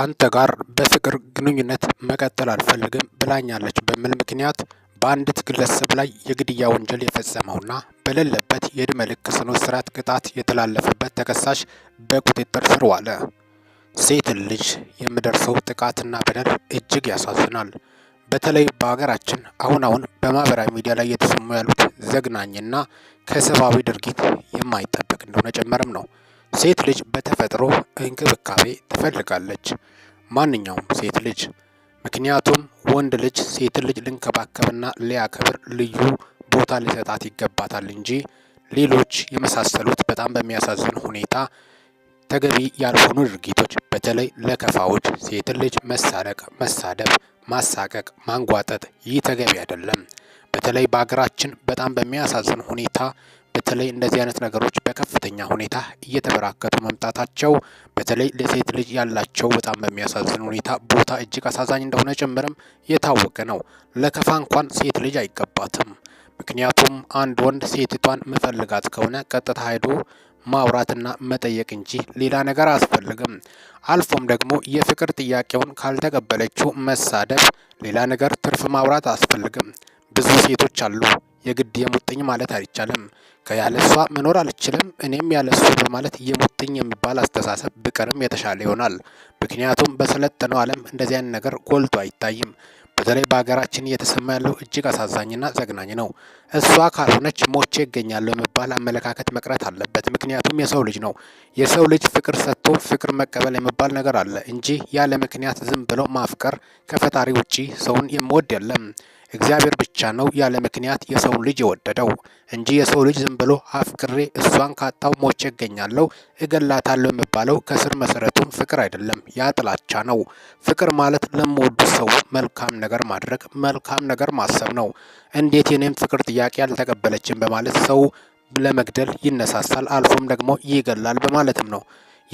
ከአንተ ጋር በፍቅር ግንኙነት መቀጠል አልፈልግም ብላኛለች በሚል ምክንያት በአንዲት ግለሰብ ላይ የግድያ ወንጀል የፈጸመውና በሌለበት የዕድሜ ልክ ጽኑ እስራት ቅጣት የተላለፈበት ተከሳሽ በቁጥጥር ስር ዋለ። ሴትን ልጅ የሚደርሰው ጥቃትና በደል እጅግ ያሳዝናል። በተለይ በሀገራችን አሁን አሁን በማህበራዊ ሚዲያ ላይ እየተሰሙ ያሉት ዘግናኝና ከሰብአዊ ድርጊት የማይጠበቅ እንደሆነ ጨመረም ነው። ሴት ልጅ በተፈጥሮ እንክብካቤ ትፈልጋለች ማንኛውም ሴት ልጅ። ምክንያቱም ወንድ ልጅ ሴት ልጅ ልንከባከብና ሊያከብር ልዩ ቦታ ሊሰጣት ይገባታል እንጂ ሌሎች የመሳሰሉት በጣም በሚያሳዝን ሁኔታ ተገቢ ያልሆኑ ድርጊቶች በተለይ ለከፋዎች ሴት ልጅ መሳለቅ፣ መሳደብ፣ ማሳቀቅ፣ ማንጓጠጥ ይህ ተገቢ አይደለም። በተለይ በሀገራችን በጣም በሚያሳዝን ሁኔታ በተለይ እንደዚህ አይነት ነገሮች በከፍተኛ ሁኔታ እየተበራከቱ መምጣታቸው በተለይ ለሴት ልጅ ያላቸው በጣም በሚያሳዝን ሁኔታ ቦታ እጅግ አሳዛኝ እንደሆነ ጭምርም የታወቀ ነው። ለከፋ እንኳን ሴት ልጅ አይገባትም። ምክንያቱም አንድ ወንድ ሴቲቷን መፈልጋት ከሆነ ቀጥታ ሄዶ ማውራትና መጠየቅ እንጂ ሌላ ነገር አስፈልግም አልፎም ደግሞ የፍቅር ጥያቄውን ካልተቀበለችው መሳደብ፣ ሌላ ነገር ትርፍ ማውራት አስፈልግም ብዙ ሴቶች አሉ የግድ የሙጥኝ ማለት አይቻልም። ከያለሷ መኖር አልችልም እኔም ያለሱ በማለት የሙጥኝ የሚባል አስተሳሰብ ብቅርም የተሻለ ይሆናል። ምክንያቱም በሰለጠነው ዓለም እንደዚያን ነገር ጎልቶ አይታይም። በተለይ በሀገራችን እየተሰማ ያለው እጅግ አሳዛኝና ዘግናኝ ነው። እሷ ካልሆነች ሞቼ እገኛለሁ የሚባል አመለካከት መቅረት አለበት። ምክንያቱም የሰው ልጅ ነው። የሰው ልጅ ፍቅር ሰጥቶ ፍቅር መቀበል የሚባል ነገር አለ እንጂ ያለ ምክንያት ዝም ብሎ ማፍቀር ከፈጣሪ ውጪ ሰውን የሚወድ የለም። እግዚአብሔር ብቻ ነው ያለ ምክንያት የሰውን ልጅ የወደደው እንጂ የሰው ልጅ ዝም ብሎ አፍቅሬ እሷን ካጣው ሞቼ እገኛለሁ እገላታለሁ የሚባለው ከስር መሰረቱን ፍቅር አይደለም፣ ያ ጥላቻ ነው። ፍቅር ማለት ለምወዱት ሰው መልካም ነገር ነገር ማድረግ መልካም ነገር ማሰብ ነው። እንዴት የኔም ፍቅር ጥያቄ አልተቀበለችም በማለት ሰው ለመግደል ይነሳሳል፣ አልፎም ደግሞ ይገላል በማለትም ነው።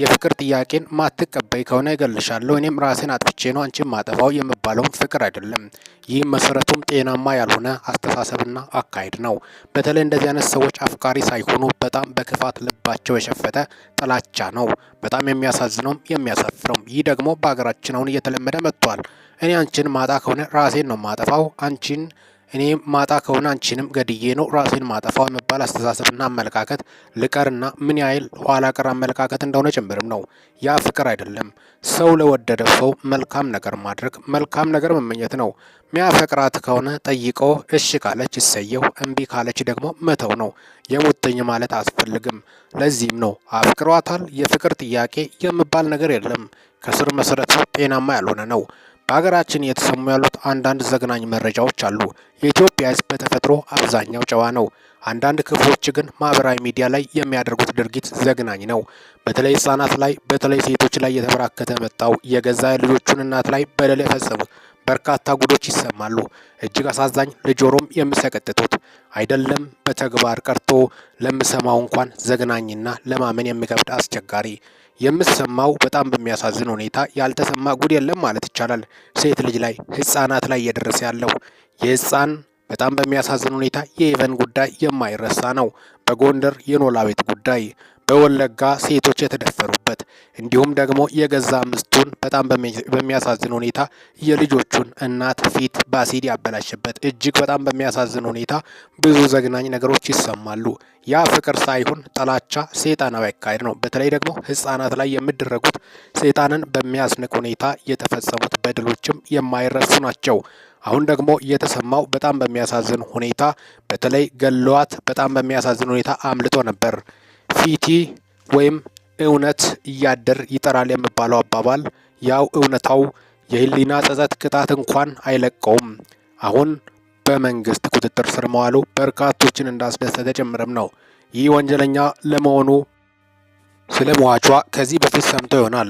የፍቅር ጥያቄን ማትቀበይ ከሆነ ይገልሻለሁ፣ እኔም ራሴን አጥፍቼ ነው አንቺን ማጠፋው የምባለውም ፍቅር አይደለም። ይህ መሰረቱም ጤናማ ያልሆነ አስተሳሰብና አካሄድ ነው። በተለይ እንደዚህ አይነት ሰዎች አፍቃሪ ሳይሆኑ በጣም በክፋት ልባቸው የሸፈተ ጥላቻ ነው። በጣም የሚያሳዝነውም የሚያሳፍረውም ይህ ደግሞ በሀገራችን አሁን እየተለመደ መጥቷል። እኔ አንቺን ማጣ ከሆነ ራሴን ነው ማጠፋው አንቺን እኔ ማጣ ከሆነ አንቺንም ገድዬ ነው ራሴን ማጠፋው የመባል አስተሳሰብና አመለካከት ልቀርና ምን ያህል ኋላ ቀር አመለካከት እንደሆነ ጭምርም ነው። ያ ፍቅር አይደለም። ሰው ለወደደው ሰው መልካም ነገር ማድረግ መልካም ነገር መመኘት ነው። ሚያፈቅራት ከሆነ ጠይቆ እሺ ካለች ይሰየው፣ እምቢ ካለች ደግሞ መተው ነው። የሙጥኝ ማለት አስፈልግም። ለዚህም ነው አፍቅሯታል የፍቅር ጥያቄ የሚባል ነገር የለም። ከስር መሰረቱ ጤናማ ያልሆነ ነው። በሀገራችን እየተሰሙ ያሉት አንዳንድ ዘግናኝ መረጃዎች አሉ። የኢትዮጵያ ሕዝብ በተፈጥሮ አብዛኛው ጨዋ ነው። አንዳንድ ክፍሎች ግን ማህበራዊ ሚዲያ ላይ የሚያደርጉት ድርጊት ዘግናኝ ነው። በተለይ ህጻናት ላይ በተለይ ሴቶች ላይ የተበራከተ መጣው የገዛ ልጆቹን እናት ላይ በደል የፈጸሙት በርካታ ጉዶች ይሰማሉ። እጅግ አሳዛኝ፣ ለጆሮም የሚሰቀጥጡት አይደለም በተግባር ቀርቶ ለምሰማው እንኳን ዘግናኝና ለማመን የሚከብድ አስቸጋሪ የምትሰማው በጣም በሚያሳዝን ሁኔታ ያልተሰማ ጉድ የለም ማለት ይቻላል። ሴት ልጅ ላይ ህፃናት ላይ እየደረሰ ያለው የህፃን በጣም በሚያሳዝን ሁኔታ የኢቨን ጉዳይ የማይረሳ ነው። በጎንደር የኖላ ቤት ጉዳይ በወለጋ ሴቶች የተደፈሩበት እንዲሁም ደግሞ የገዛ ምስቱን በጣም በሚያሳዝን ሁኔታ የልጆቹን እናት ፊት በአሲድ ያበላሽበት እጅግ በጣም በሚያሳዝን ሁኔታ ብዙ ዘግናኝ ነገሮች ይሰማሉ። ያ ፍቅር ሳይሆን ጥላቻ ሰይጣናዊ አካሄድ ነው። በተለይ ደግሞ ሕጻናት ላይ የሚደረጉት ሰይጣንን በሚያስንቅ ሁኔታ የተፈጸሙት በደሎችም የማይረሱ ናቸው። አሁን ደግሞ የተሰማው በጣም በሚያሳዝን ሁኔታ በተለይ ገለዋት በጣም በሚያሳዝን ሁኔታ አምልጦ ነበር። ፊቲ ወይም እውነት እያደር ይጠራል የሚባለው አባባል ያው እውነታው የህሊና ጸጸት ቅጣት እንኳን አይለቀውም። አሁን በመንግስት ቁጥጥር ስር መዋሉ በርካቶችን እንዳስደሰተ ጭምርም ነው። ይህ ወንጀለኛ ለመሆኑ ስለ መዋቿ ከዚህ በፊት ሰምቶ ይሆናል።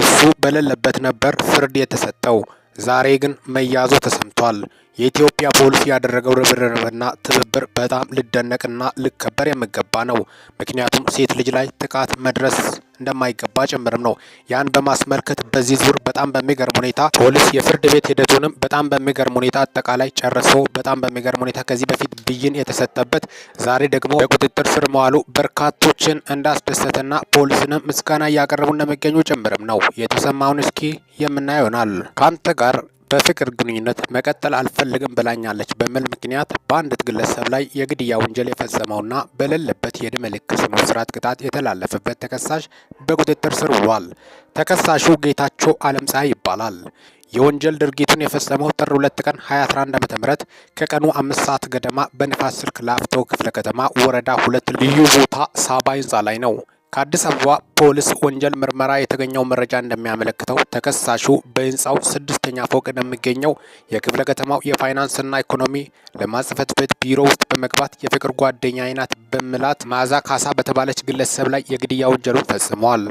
እሱ በሌለበት ነበር ፍርድ የተሰጠው። ዛሬ ግን መያዙ ተሰምቷል። የኢትዮጵያ ፖሊስ ያደረገው ርብርብና ትብብር በጣም ልደነቅና ልከበር የሚገባ ነው። ምክንያቱም ሴት ልጅ ላይ ጥቃት መድረስ እንደማይገባ ጭምርም ነው። ያን በማስመልከት በዚህ ዙር በጣም በሚገርም ሁኔታ ፖሊስ የፍርድ ቤት ሂደቱንም በጣም በሚገርም ሁኔታ አጠቃላይ ጨርሶ በጣም በሚገርም ሁኔታ ከዚህ በፊት ብይን የተሰጠበት ዛሬ ደግሞ በቁጥጥር ስር መዋሉ በርካቶችን እንዳስደሰተና ፖሊስንም ምስጋና እያቀረቡ እንደሚገኙ ጭምርም ነው። የተሰማውን እስኪ የምናየው ይሆናል ከአንተ ጋር በፍቅር ግንኙነት መቀጠል አልፈልግም ብላኛለች በሚል ምክንያት በአንዲት ግለሰብ ላይ የግድያ ወንጀል የፈጸመውና በሌለበት የዕድሜ ልክ ጽኑ እስራት ቅጣት የተላለፈበት ተከሳሽ በቁጥጥር ስር ውሏል። ተከሳሹ ጌታቸው አለምፀሐይ ይባላል። የወንጀል ድርጊቱን የፈጸመው ጥር 2 ቀን 2011 ዓ.ም ከቀኑ አምስት ሰዓት ገደማ በንፋስ ስልክ ላፍቶ ክፍለ ከተማ ወረዳ ሁለት ልዩ ቦታ ሳባ ህንፃ ላይ ነው። ከአዲስ አበባ ፖሊስ ወንጀል ምርመራ የተገኘው መረጃ እንደሚያመለክተው ተከሳሹ በህንፃው ስድስተኛ ፎቅ እንደሚገኘው የክፍለ ከተማው የፋይናንስና ኢኮኖሚ ልማት ጽሕፈት ቤት ቢሮ ውስጥ በመግባት የፍቅር ጓደኛ አይናት በምላት ማዛ ካሳ በተባለች ግለሰብ ላይ የግድያ ወንጀሉን ፈጽሟል።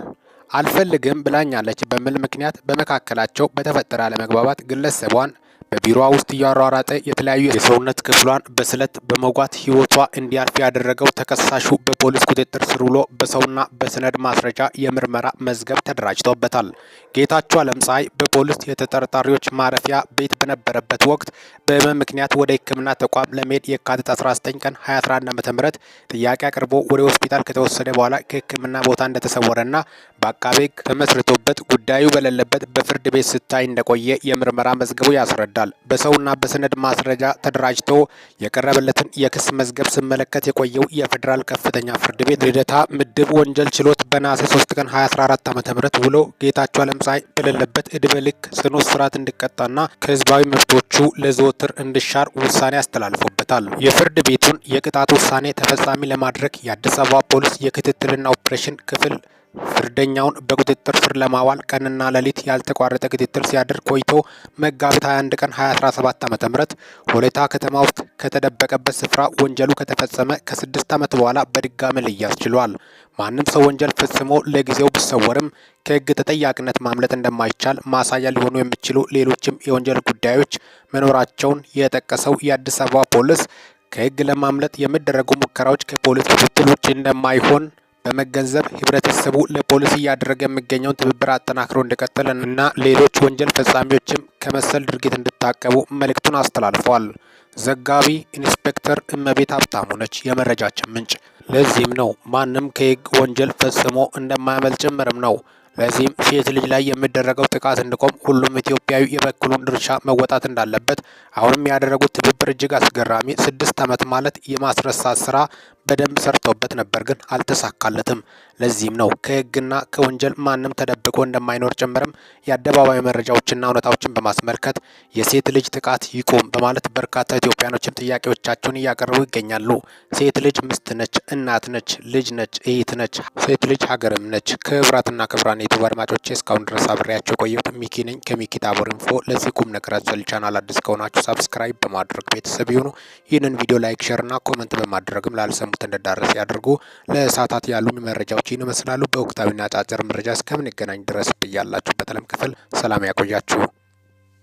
አልፈልግም ብላኛለች በሚል ምክንያት በመካከላቸው በተፈጠረ አለመግባባት ግለሰቧን በቢሮዋ ውስጥ እያሯራጠ የተለያዩ የሰውነት ክፍሏን በስለት በመጓት ህይወቷ እንዲያልፍ ያደረገው ተከሳሹ በፖሊስ ቁጥጥር ስር ውሎ በሰውና በሰነድ ማስረጃ የምርመራ መዝገብ ተደራጅቶበታል። ጌታቸው ፀሐይ በፖሊስ የተጠርጣሪዎች ማረፊያ ቤት በነበረበት ወቅት በህመም ምክንያት ወደ ሕክምና ተቋም ለመሄድ የካቲት 19 ቀን 2011 ዓ.ም ጥያቄ አቅርቦ ወደ ሆስፒታል ከተወሰደ በኋላ ከህክምና ቦታ እንደተሰወረና በአቃቤ ሕግ ተመስርቶበት ጉዳዩ በሌለበት በፍርድ ቤት ስታይ እንደቆየ የምርመራ መዝገቡ ያስረዳል። ይወዳል። በሰውና በሰነድ ማስረጃ ተደራጅቶ የቀረበለትን የክስ መዝገብ ስመለከት የቆየው የፌዴራል ከፍተኛ ፍርድ ቤት ልደታ ምድብ ወንጀል ችሎት በነሐሴ 3 ቀን 2014 ዓ ም ውሎ ጌታቸው አለምፀሐይ በሌለበት ዕድሜ ልክ ጽኑ እስራት እንዲቀጣና ከህዝባዊ መብቶቹ ለዘወትር እንዲሻር ውሳኔ አስተላልፎበታል። የፍርድ ቤቱን የቅጣት ውሳኔ ተፈጻሚ ለማድረግ የአዲስ አበባ ፖሊስ የክትትልና ኦፕሬሽን ክፍል ፍርደኛውን በቁጥጥር ስር ለማዋል ቀንና ሌሊት ያልተቋረጠ ክትትል ሲያደርግ ቆይቶ መጋቢት 21 ቀን 2017 ዓ.ም ሆለታ ከተማ ውስጥ ከተደበቀበት ስፍራ ወንጀሉ ከተፈጸመ ከስድስት ዓመት በኋላ በድጋሚ ሊያዝ ችሏል። ማንም ሰው ወንጀል ፈጽሞ ለጊዜው ቢሰወርም ከህግ ተጠያቂነት ማምለጥ እንደማይቻል ማሳያ ሊሆኑ የሚችሉ ሌሎችም የወንጀል ጉዳዮች መኖራቸውን የጠቀሰው የአዲስ አበባ ፖሊስ ከህግ ለማምለጥ የሚደረጉ ሙከራዎች ከፖሊስ ክትትል ውጭ እንደማይሆን በመገንዘብ ህብረተሰቡ ለፖሊስ እያደረገ የሚገኘውን ትብብር አጠናክሮ እንደቀጠለ እና ሌሎች ወንጀል ፈጻሚዎችም ከመሰል ድርጊት እንድታቀቡ መልእክቱን አስተላልፏል። ዘጋቢ ኢንስፔክተር እመቤት ሀብታሙ ነች የመረጃችን ምንጭ። ለዚህም ነው ማንም ከህግ ወንጀል ፈጽሞ እንደማያመልጥ ጭምርም ነው። ለዚህም ሴት ልጅ ላይ የሚደረገው ጥቃት እንዲቆም ሁሉም ኢትዮጵያዊ የበኩሉን ድርሻ መወጣት እንዳለበት አሁንም ያደረጉት ትብብር እጅግ አስገራሚ ስድስት ዓመት ማለት የማስረሳት ስራ በደንብ ሰርቶበት ነበር፣ ግን አልተሳካለትም። ለዚህም ነው ከህግና ከወንጀል ማንም ተደብቆ እንደማይኖር ጭምርም የአደባባይ መረጃዎችና እውነታዎችን በማስመልከት የሴት ልጅ ጥቃት ይቁም በማለት በርካታ ኢትዮጵያኖችም ጥያቄዎቻቸውን እያቀረቡ ይገኛሉ። ሴት ልጅ ምስት ነች፣ እናት ነች፣ ልጅ ነች፣ እህት ነች፣ ሴት ልጅ ሀገርም ነች። ክቡራትና ክብራን ዩቱብ አድማጮች እስካሁን ድረስ አብሬያቸው የቆየሁት ሚኪ ነኝ ከሚኪ ታቦር ኢንፎ። ለዚህ ቁም ነገር አዘል ቻናል አዲስ ከሆናችሁ ሳብስክራይብ በማድረግ ቤተሰብ ይሁኑ። ይህንን ቪዲዮ ላይክ፣ ሼርና ኮመንት በማድረግም ላልሰሙ ለእናንተ እንዲዳረስ ያደርጉ። ለሰዓታት ያሉን መረጃዎችን ይመስላሉ። በወቅታዊና አጫጭር መረጃ እስከምንገናኝ ድረስ ብያላችሁ በተለም ክፍል ሰላም ያቆያችሁ።